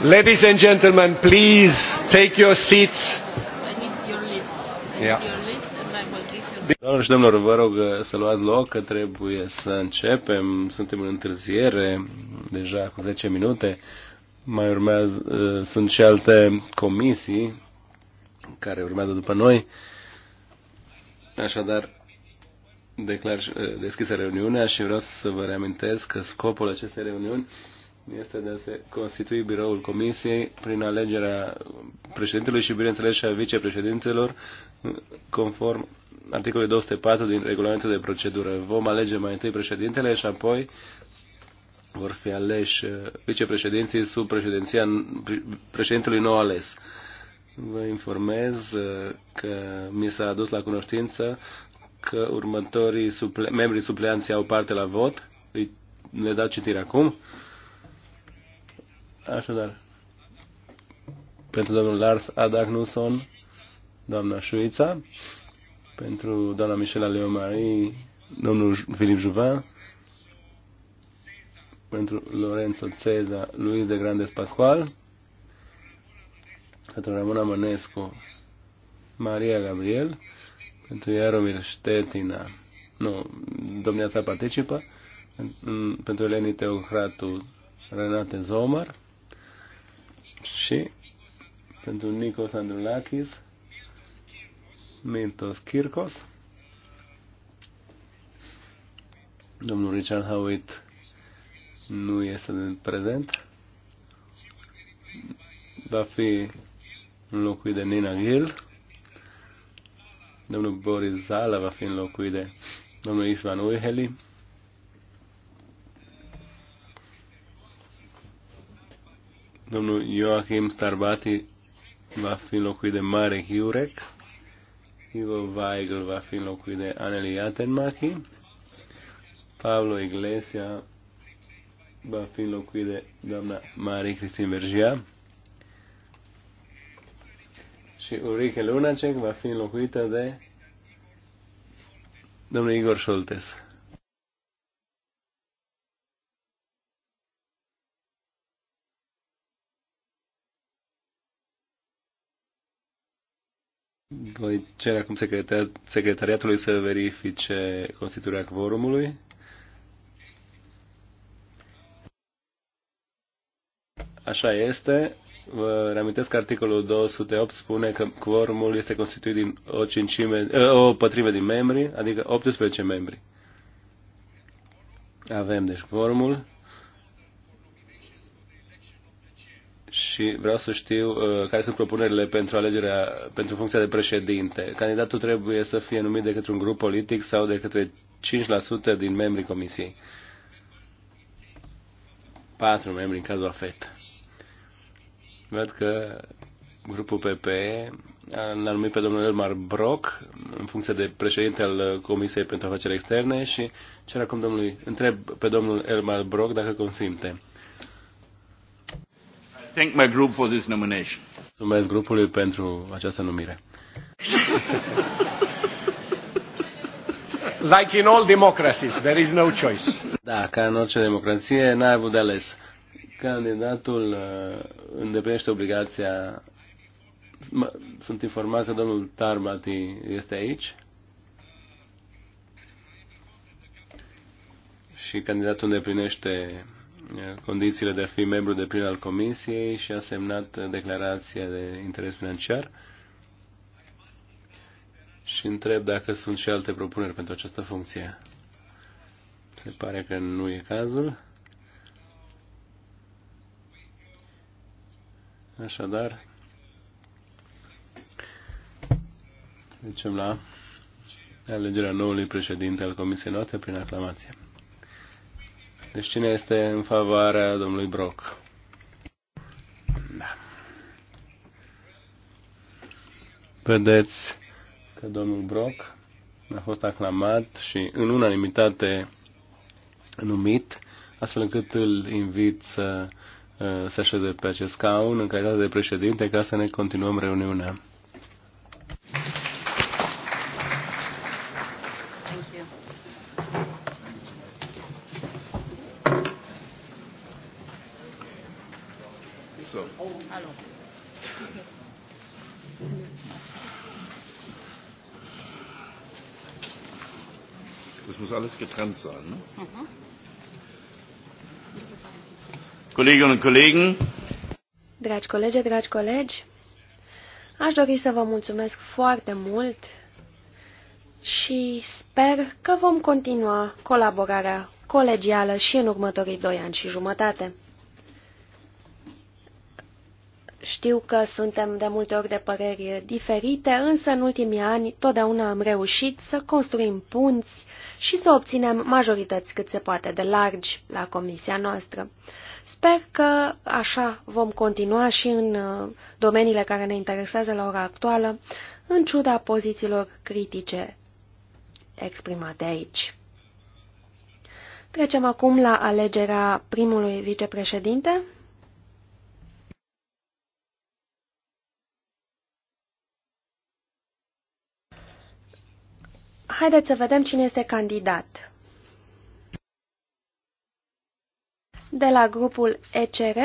Ladies and gentlemen, please take your seats. I need your list. yeah. Doamnelor și domnilor, vă rog uh, să luați loc, că trebuie să începem. Suntem în întârziere, deja cu 10 minute. Mai urmează, uh, sunt și alte comisii care urmează după noi. Așadar, declar uh, deschisă reuniunea și vreau să vă reamintesc că scopul acestei reuniuni este de a se constitui biroul comisiei prin alegerea președintelui și, bineînțeles, și a vicepreședintelor, conform articolului 204 din regulamentul de procedură. Vom alege mai întâi președintele și apoi vor fi aleși vicepreședinții sub președinția președintelui nou ales. Vă informez că mi s-a adus la cunoștință că următorii suple membrii supleanți au parte la vot. Îi le dau citire acum. Așadar, pentru domnul Lars Adagnuson, doamna Șuița, pentru doamna Michela Leomari, domnul Filip Juvin, pentru Lorenzo Ceza, Luis de Grandes Pascual, pentru Ramona Mănescu, Maria Gabriel, pentru Iaromir Ștetina, nu, domnia sa participă, pentru Eleni Teocratu, Renate Zomar, și pentru Nikos Andrulakis, Mintos Kirkos, domnul Richard Howitt nu este prezent, va fi înlocuit de Nina Gill, domnul Boris Zala va fi înlocuit de domnul Ișvan Uiheli, Domnul Joachim Starbati va fi înlocuit de Mare Hiurek, Ivo Weigl va fi înlocuit de Anneli Atenmachi. Pablo Iglesia va fi înlocuit de doamna Marie Cristin Vergia. Și Ulrike Lunacek va fi înlocuită de domnul Igor Șoltes. Voi cere acum secretar, secretariatului să verifice constituirea quorumului. Așa este. Vă reamintesc că articolul 208 spune că quorumul este constituit din o, cincime, eh, o pătrime din membri, adică 18 membri. Avem deci quorumul. și vreau să știu uh, care sunt propunerile pentru alegerea, pentru funcția de președinte. Candidatul trebuie să fie numit de către un grup politic sau de către 5% din membrii comisiei. Patru membri în cazul AFET. Văd că grupul PP l-a numit pe domnul Elmar Brock în funcție de președinte al Comisiei pentru Afaceri Externe și cer acum domnului, întreb pe domnul Elmar Brock dacă consimte thank my group for this nomination. Mulțumesc grupului pentru această numire. like in all democracies, there is no choice. Da, ca în orice democrație, n-ai avut de ales. Candidatul uh, îndeplinește obligația. Sunt informat că domnul Tarbati este aici. Și candidatul îndeplinește condițiile de a fi membru de plin al Comisiei și a semnat declarația de interes financiar. Și întreb dacă sunt și alte propuneri pentru această funcție. Se pare că nu e cazul. Așadar, trecem la alegerea noului președinte al Comisiei noastre prin aclamație. Deci cine este în favoarea domnului Brock? Da. Vedeți că domnul Brock a fost aclamat și în unanimitate numit, astfel încât îl invit să uh, se așeze pe acest scaun în calitate de președinte ca să ne continuăm reuniunea. So. Das muss alles getrennt sein. Ne? Mhm. Kolleginnen und Kollegen. Dragi colegi, dragi colegi, aș dori să vă mulțumesc foarte mult și sper că vom continua colaborarea colegială și în următorii doi ani și jumătate. Știu că suntem de multe ori de păreri diferite, însă în ultimii ani totdeauna am reușit să construim punți și să obținem majorități cât se poate de largi la comisia noastră. Sper că așa vom continua și în uh, domeniile care ne interesează la ora actuală, în ciuda pozițiilor critice exprimate aici. Trecem acum la alegerea primului vicepreședinte. Haideți să vedem cine este candidat. De la grupul ECR,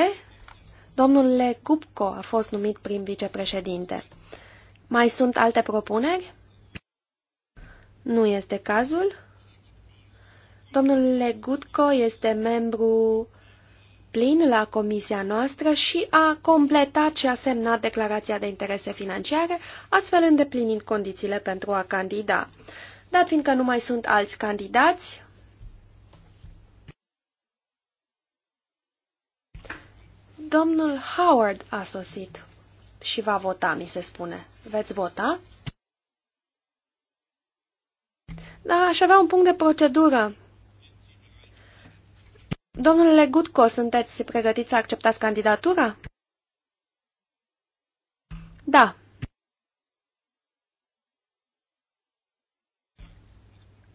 domnul Legupco a fost numit prim vicepreședinte. Mai sunt alte propuneri? Nu este cazul. Domnul Legutco este membru plin la comisia noastră și a completat și a semnat declarația de interese financiare, astfel îndeplinind condițiile pentru a candida. Dat fiindcă nu mai sunt alți candidați, domnul Howard a sosit și va vota, mi se spune. Veți vota? Da, aș avea un punct de procedură. Domnule Gutco, sunteți pregătiți să acceptați candidatura? Da,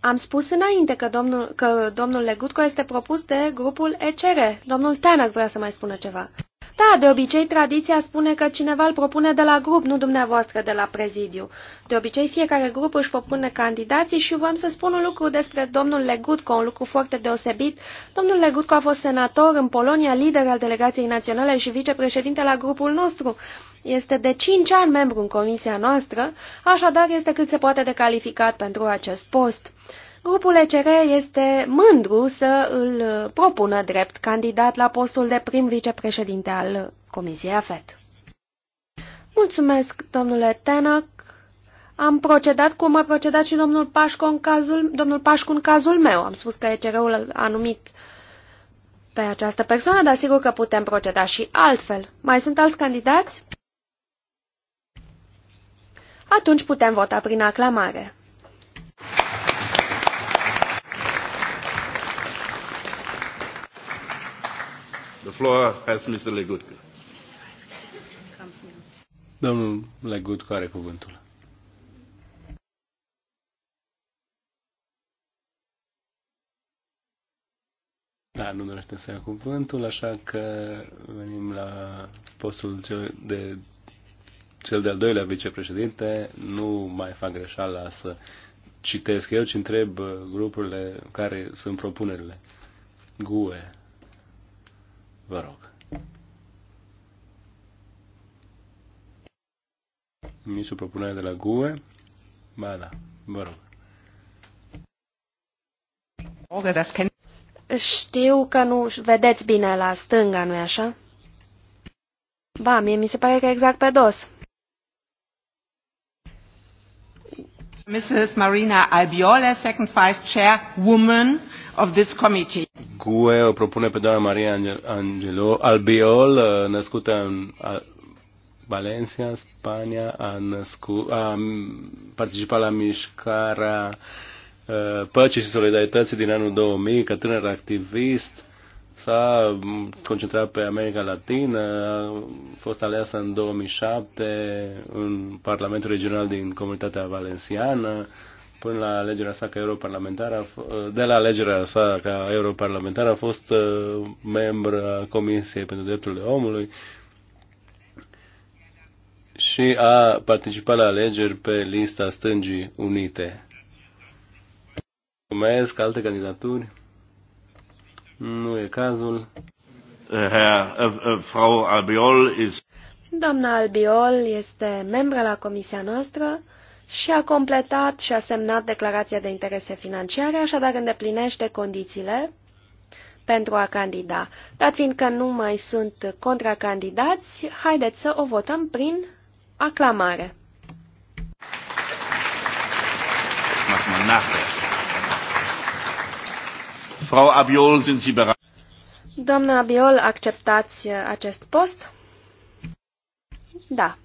Am spus înainte că domnul, că domnul Legutco este propus de grupul ECR. Domnul Tanner vrea să mai spună ceva. Da, de obicei tradiția spune că cineva îl propune de la grup, nu dumneavoastră de la prezidiu. De obicei fiecare grup își propune candidații și vreau să spun un lucru despre domnul Legutco, un lucru foarte deosebit. Domnul Legutco a fost senator în Polonia, lider al delegației naționale și vicepreședinte la grupul nostru. Este de 5 ani membru în comisia noastră, așadar este cât se poate de calificat pentru acest post. Grupul ECR este mândru să îl propună drept candidat la postul de prim vicepreședinte al Comisiei AFET. Mulțumesc, domnule Tenac. Am procedat cum a procedat și domnul Pașcu în cazul, domnul Pașcu în cazul meu. Am spus că ECR-ul a numit pe această persoană, dar sigur că putem proceda și altfel. Mai sunt alți candidați? Atunci putem vota prin aclamare. The floor has Mr. Legutko. Domnul Legutko are cuvântul. Da, nu dorește să ia cuvântul, așa că venim la postul cel de cel de-al doilea vicepreședinte. Nu mai fac greșeala să citesc eu, ci întreb grupurile care sunt propunerile. GUE, Vă rog. Nici o propunere de la GUE? Ba da, vă rog. Știu că nu vedeți bine la stânga, nu-i așa? Ba, mie mi se pare că exact pe dos. Mrs. Marina Albiol, second vice chairwoman of this committee. Cue o propune pe doamna Maria Angelo Albiol, uh, născută în Valencia, Spania, a, născu, a participat la mișcarea uh, Păcii și Solidarității din anul 2000, ca tânăr activist, s-a mm, concentrat pe America Latină, a fost aleasă în 2007 în Parlamentul Regional din Comunitatea Valenciană, până la alegerea sa ca europarlamentar, de la alegerea sa ca europarlamentar a fost uh, membru a Comisiei pentru Drepturile Omului și a participat la alegeri pe lista Stângii Unite. Mulțumesc, alte candidaturi? Nu e cazul. Uh, uh, Frau Doamna Albiol este membra la comisia noastră și a completat și a semnat declarația de interese financiare, așadar îndeplinește condițiile pentru a candida. Dat fiindcă nu mai sunt contracandidați, haideți să o votăm prin aclamare. Frau Abiol, sind Sie bereit? Doamna Abiol, acceptați acest post? Da.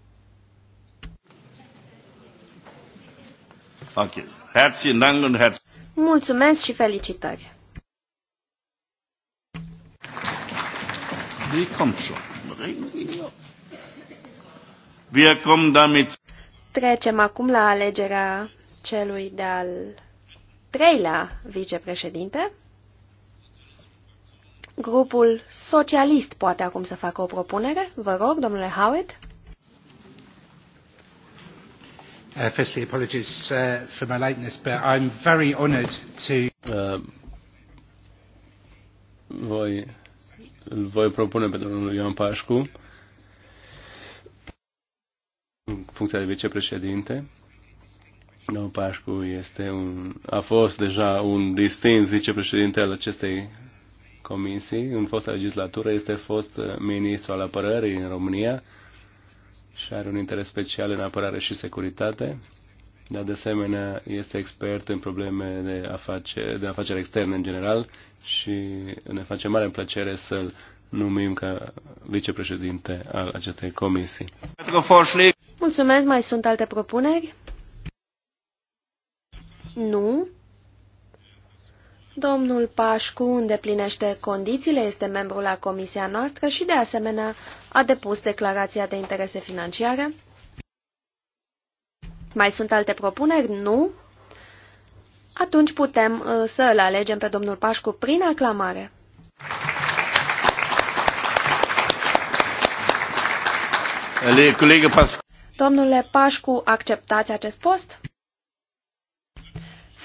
Ok. Herzlichen Dank und herz Mulțumesc și felicitări. Die kommt schon. Wir kommen damit. Trecem acum la alegerea celui de-al treilea vicepreședinte. Grupul socialist poate acum să facă o propunere. Vă rog, domnule Howitt. Uh, firstly, apologies uh, for my lateness, but I'm very to. Uh, voi, îl voi propune pe domnul Ioan Pașcu funcția de vicepreședinte. Domnul Pașcu este un, a fost deja un distins vicepreședinte al acestei comisii în fosta legislatură, este fost uh, ministru al apărării în România și are un interes special în apărare și securitate, dar de asemenea este expert în probleme de afacere de afaceri externe în general și ne face mare plăcere să-l numim ca vicepreședinte al acestei comisii. Mulțumesc, mai sunt alte propuneri? Nu. Domnul Pașcu îndeplinește condițiile, este membru la comisia noastră și, de asemenea, a depus declarația de interese financiare. Mai sunt alte propuneri? Nu. Atunci putem uh, să îl alegem pe domnul Pașcu prin aclamare. Domnule Pașcu, acceptați acest post?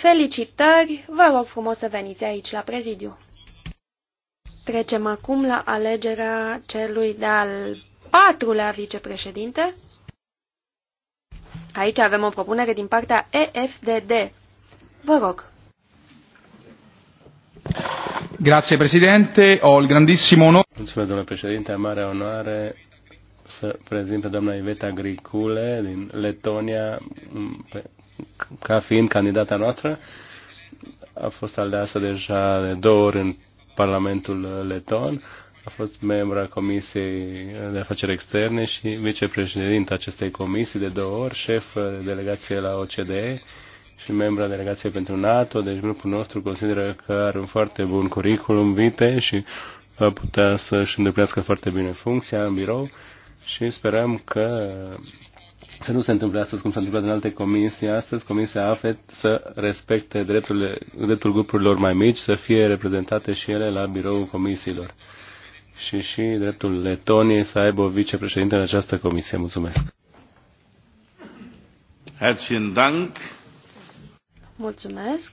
Felicitări! Vă rog frumos să veniți aici la prezidiu. Trecem acum la alegerea celui de-al patrulea vicepreședinte. Aici avem o propunere din partea EFDD. Vă rog. Grazie Presidente, O il grandissimo onore. Mulțumesc, domnule președinte, mare onoare să prezint pe doamna Iveta Gricule din Letonia, ca fiind candidata noastră. A fost aleasă deja de două ori în Parlamentul Leton, a fost membra Comisiei de Afaceri Externe și vicepreședinte acestei comisii de două ori, șef de delegație la OCDE și membra delegației pentru NATO, deci grupul nostru consideră că are un foarte bun curriculum vitae și va putea să-și îndeplinească foarte bine funcția în birou și sperăm că să nu se întâmple astăzi cum s-a întâmplat în alte comisii. Astăzi Comisia AFET să respecte drepturile, dreptul grupurilor mai mici, să fie reprezentate și ele la biroul comisiilor. Și și dreptul Letoniei să aibă o vicepreședinte în această comisie. Mulțumesc. Herzlichen Dank. Mulțumesc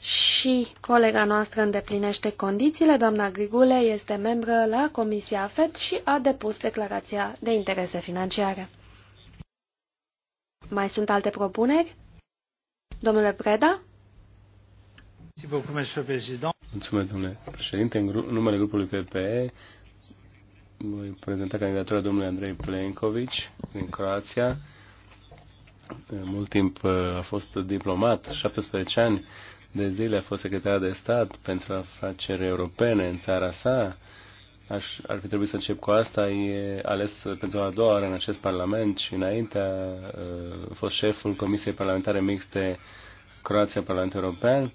și colega noastră îndeplinește condițiile. Doamna Grigule este membră la Comisia FED și a depus declarația de interese financiare. Mai sunt alte propuneri? Domnule Preda? Mulțumesc, domnule președinte. În numele grupului PPE voi prezenta candidatura domnului Andrei Plenković din Croația mult timp uh, a fost diplomat, 17 ani de zile a fost secretar de stat pentru afaceri europene în țara sa. Aș, ar fi trebuit să încep cu asta. E ales pentru a doua oară în acest parlament și înainte a, uh, a fost șeful Comisiei Parlamentare Mixte Croația Parlament European.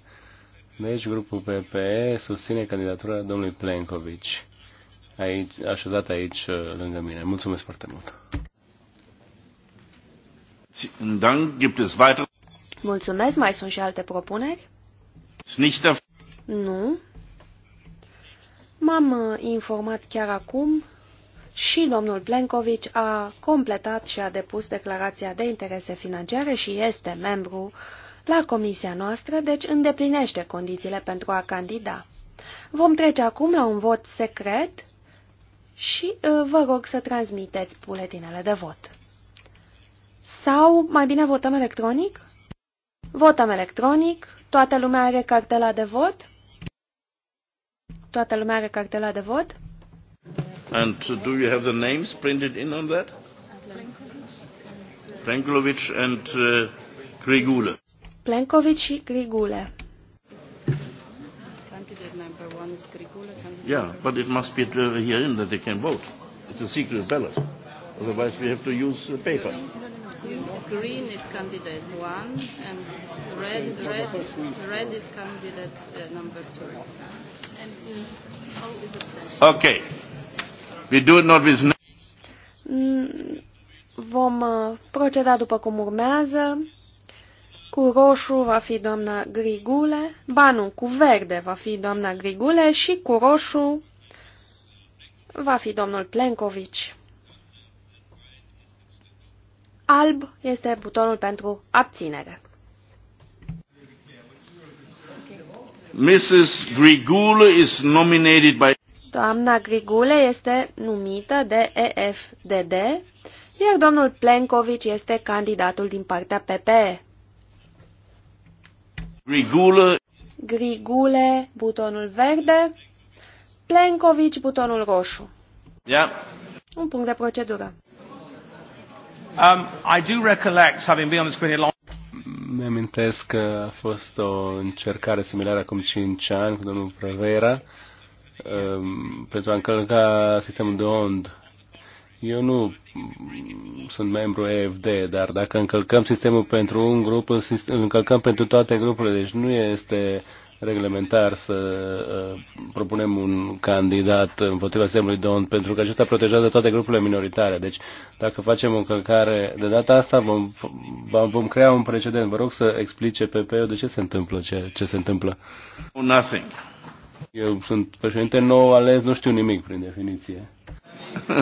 Deci grupul PPE susține candidatura domnului Plenković aici, așezat aici uh, lângă mine. Mulțumesc foarte mult! Mulțumesc, mai sunt și alte propuneri? Nu. M-am uh, informat chiar acum și domnul Plenković a completat și a depus declarația de interese financiare și este membru la comisia noastră, deci îndeplinește condițiile pentru a candida. Vom trece acum la un vot secret și uh, vă rog să transmiteți buletinele de vot. Sau mai bine votăm electronic? Votăm electronic. Toată lumea are cartela de vot? Toată lumea are cartela de vot? And do you have the names printed in on that? Plenkovic and uh, Grigule. Plenkovic și Grigule. Yeah, but it must be uh, here in that they can vote. It's a secret ballot. Otherwise we have to use uh, paper green is candidate one, and red red red is candidate uh, number two. And uh, how is it? Then? Okay, we do not with. Mm, vom uh, proceda după cum urmează. Cu roșu va fi doamna Grigule, ba nu, cu verde va fi doamna Grigule și cu roșu va fi domnul Plencovici. Alb este butonul pentru abținere. Mrs. Grigule is nominated by Doamna Grigule este numită de EFDD, iar domnul Plenković este candidatul din partea PPE. Grigule, Grigule butonul verde, Plenković butonul roșu. Yeah. Un punct de procedură. Um, I do recollect having been on the screen a long Mi-amintesc că a fost o încercare similară acum 5 ani cu domnul Prevera um, pentru a încălca sistemul de ond. Eu nu sunt membru EFD, dar dacă încălcăm sistemul pentru un grup, îl încălcăm pentru toate grupurile. Deci nu este reglementar să uh, propunem un candidat împotriva semnului Don, pentru că acesta protejează toate grupurile minoritare. Deci, dacă facem o încălcare de data asta, vom, vom crea un precedent. Vă rog să explice pe ul de ce se întâmplă ce, ce se întâmplă. Nothing. Eu sunt președinte nou ales, nu știu nimic prin definiție.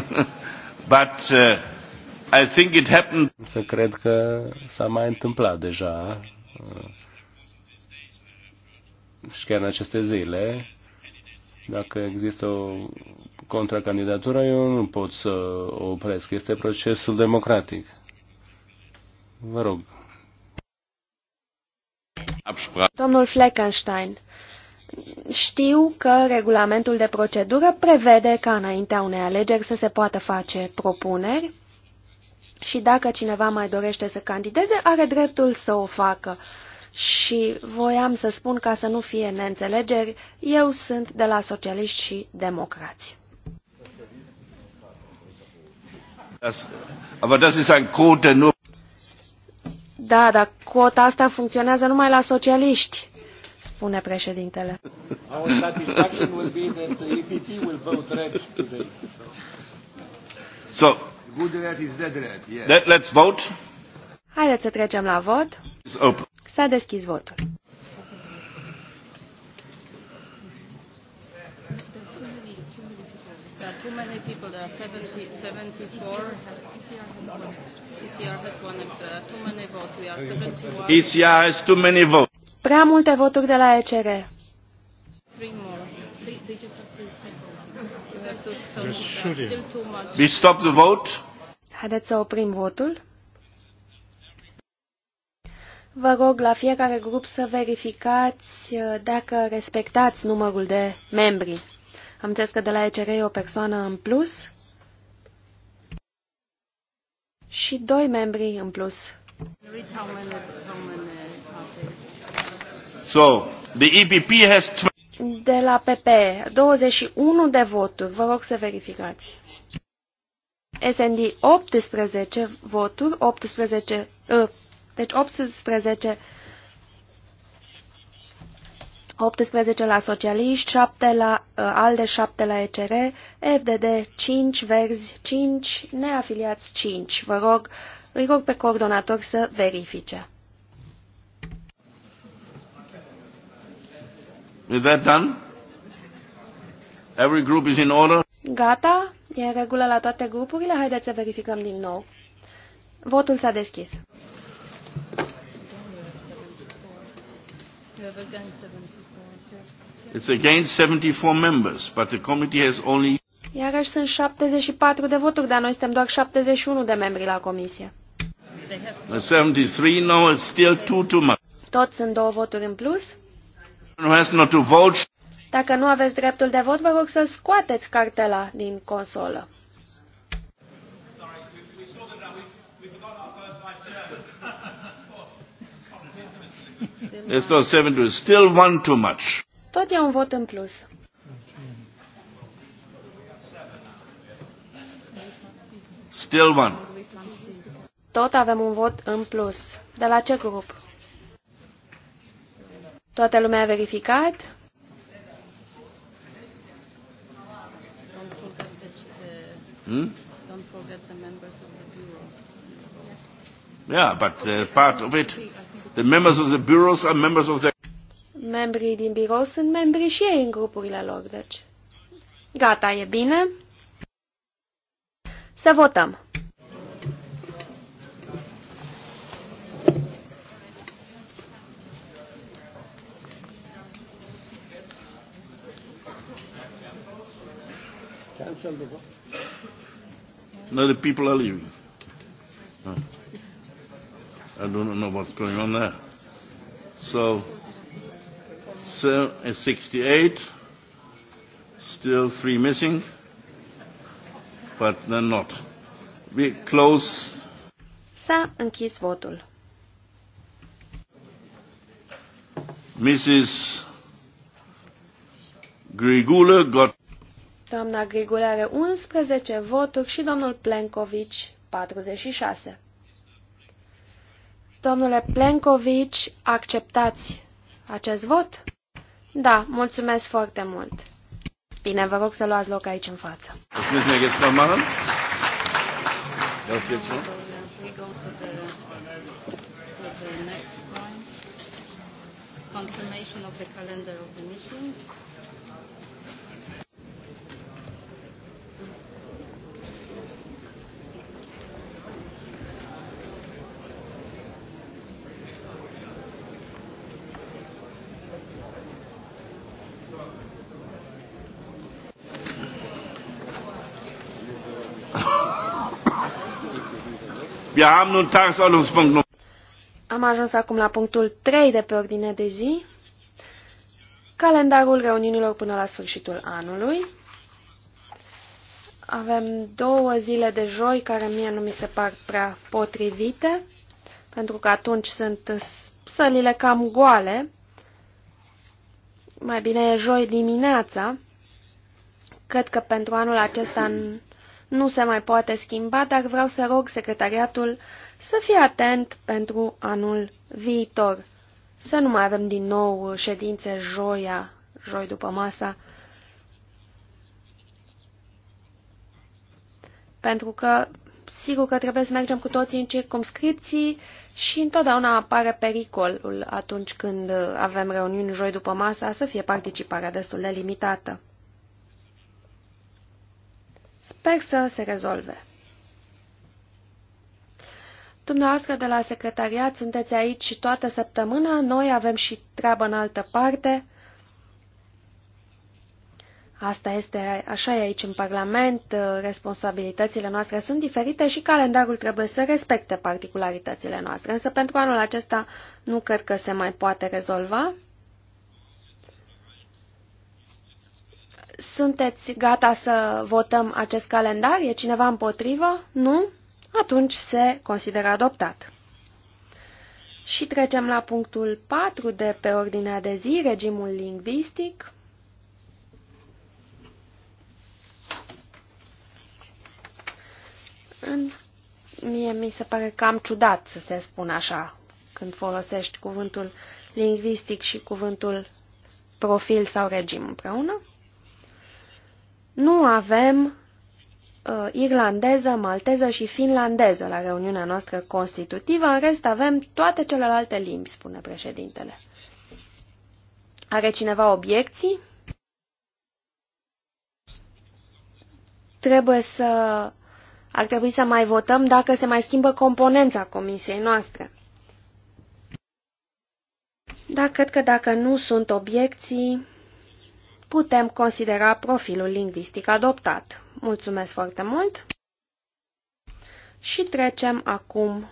But uh, I think it happened. Să cred că s-a mai întâmplat deja. Uh, și chiar în aceste zile, dacă există o contracandidatură, eu nu pot să o opresc. Este procesul democratic. Vă rog. Domnul Fleckenstein, știu că regulamentul de procedură prevede ca înaintea unei alegeri să se poată face propuneri și dacă cineva mai dorește să candideze, are dreptul să o facă și voiam să spun ca să nu fie neînțelegeri, eu sunt de la socialiști și democrați. Da, dar cota asta funcționează numai la socialiști, spune președintele. So, good red is dead red, yeah. Let, let's vote. Haideți să trecem la vot. It's open. S-a deschis votul. too many people. There are 70, 74. ECR has one Too many votes. We are 71. ECR has too many votes. Prea multe voturi de la ECR. Three more. We stop the vote. Haideți să oprim votul. Vă rog la fiecare grup să verificați uh, dacă respectați numărul de membri. Am înțeles că de la ECR e o persoană în plus și doi membri în plus. So, the EPP has de la PP, 21 de voturi. Vă rog să verificați. SND 18 voturi, 18 uh, deci 18, 18 la socialiști, 7 la uh, ALDE, 7 la ECR, FDD 5, Verzi 5, neafiliați 5. Vă rog, îi rog pe coordonator să verifice. Is that done? Every group is in order? Gata? E în regulă la toate grupurile? Haideți să verificăm din nou. Votul s-a deschis. It's against 74 members, but the committee has only... Iarăși sunt 74 de voturi, dar noi suntem doar 71 de membri la comisie. 73, no, it's still two too much. Toți sunt două voturi în plus. Who has not to vote. Dacă nu aveți dreptul de vot, vă rog să scoateți cartela din consolă. It's not seven Still one too much. Tot e un vot în plus. Still one. Tot avem un vot în plus. De la ce grup? Toată lumea a verificat? Hmm? Don't forget the members of the bureau. Yeah, but uh, part of it The members of the bureaus are members of their... Membrii din birou sunt membri și ei în grupurile lor, deci. Gata, e bine. Să votăm. Now the people are leaving don't know what's going on there. So, so uh, 68, still three missing, but then not. We close. S-a închis votul. Mrs. Grigula got... Doamna Grigula are 11 voturi și domnul Plenković 46. Domnule Plenković, acceptați acest vot? Da, mulțumesc foarte mult. Bine, vă rog să luați loc aici în față. Mulțumesc, Das Am ajuns acum la punctul 3 de pe ordine de zi, calendarul reuniunilor până la sfârșitul anului. Avem două zile de joi care mie nu mi se par prea potrivite, pentru că atunci sunt sălile cam goale. Mai bine e joi dimineața. Cred că pentru anul acesta nu se mai poate schimba, dar vreau să rog secretariatul să fie atent pentru anul viitor. Să nu mai avem din nou ședințe joia, joi după masa, pentru că sigur că trebuie să mergem cu toții în circumscripții și întotdeauna apare pericolul atunci când avem reuniuni joi după masa să fie participarea destul de limitată. Sper să se rezolve. Dumneavoastră de la secretariat sunteți aici și toată săptămâna, noi avem și treabă în altă parte. Asta este, așa e aici în Parlament, responsabilitățile noastre sunt diferite și calendarul trebuie să respecte particularitățile noastre. Însă pentru anul acesta nu cred că se mai poate rezolva. Sunteți gata să votăm acest calendar? E cineva împotrivă? Nu? Atunci se consideră adoptat. Și trecem la punctul 4 de pe ordinea de zi, regimul lingvistic. În... Mie mi se pare cam ciudat să se spună așa când folosești cuvântul lingvistic și cuvântul profil sau regim împreună. Nu avem uh, irlandeză, malteză și finlandeză la reuniunea noastră constitutivă, în rest avem toate celelalte limbi, spune președintele. Are cineva obiecții? Trebuie să... Ar trebui să mai votăm dacă se mai schimbă componența comisiei noastre. Da, cred că dacă nu sunt obiecții putem considera profilul lingvistic adoptat. Mulțumesc foarte mult! Și trecem acum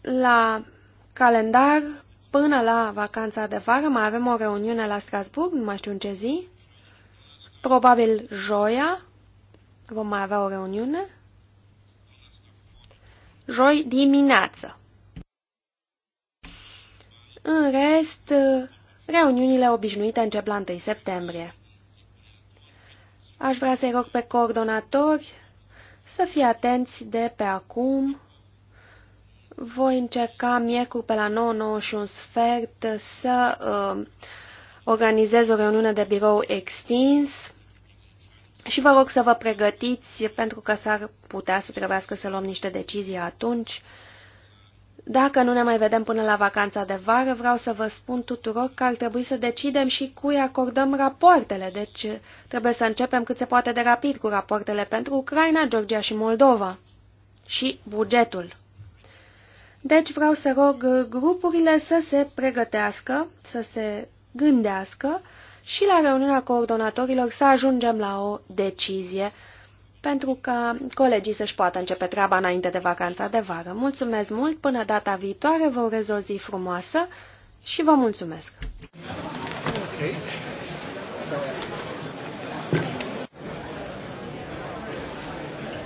la calendar până la vacanța de vară. Mai avem o reuniune la Strasburg, nu mai știu în ce zi. Probabil joia vom mai avea o reuniune joi dimineață. În rest, reuniunile obișnuite încep la 1 septembrie. Aș vrea să-i rog pe coordonatori să fie atenți de pe acum. Voi încerca miercuri pe la 9, 9 și un sfert să uh, organizez o reuniune de birou extins și vă rog să vă pregătiți pentru că s-ar putea să trebuiască să luăm niște decizii atunci. Dacă nu ne mai vedem până la vacanța de vară, vreau să vă spun tuturor că ar trebui să decidem și cui acordăm rapoartele, deci trebuie să începem cât se poate de rapid cu rapoartele pentru Ucraina, Georgia și Moldova și bugetul. Deci vreau să rog grupurile să se pregătească, să se gândească și la reuniunea coordonatorilor să ajungem la o decizie pentru ca colegii să-și poată începe treaba înainte de vacanța de vară. Mulțumesc mult, până data viitoare, vă urez o zi frumoasă și vă mulțumesc!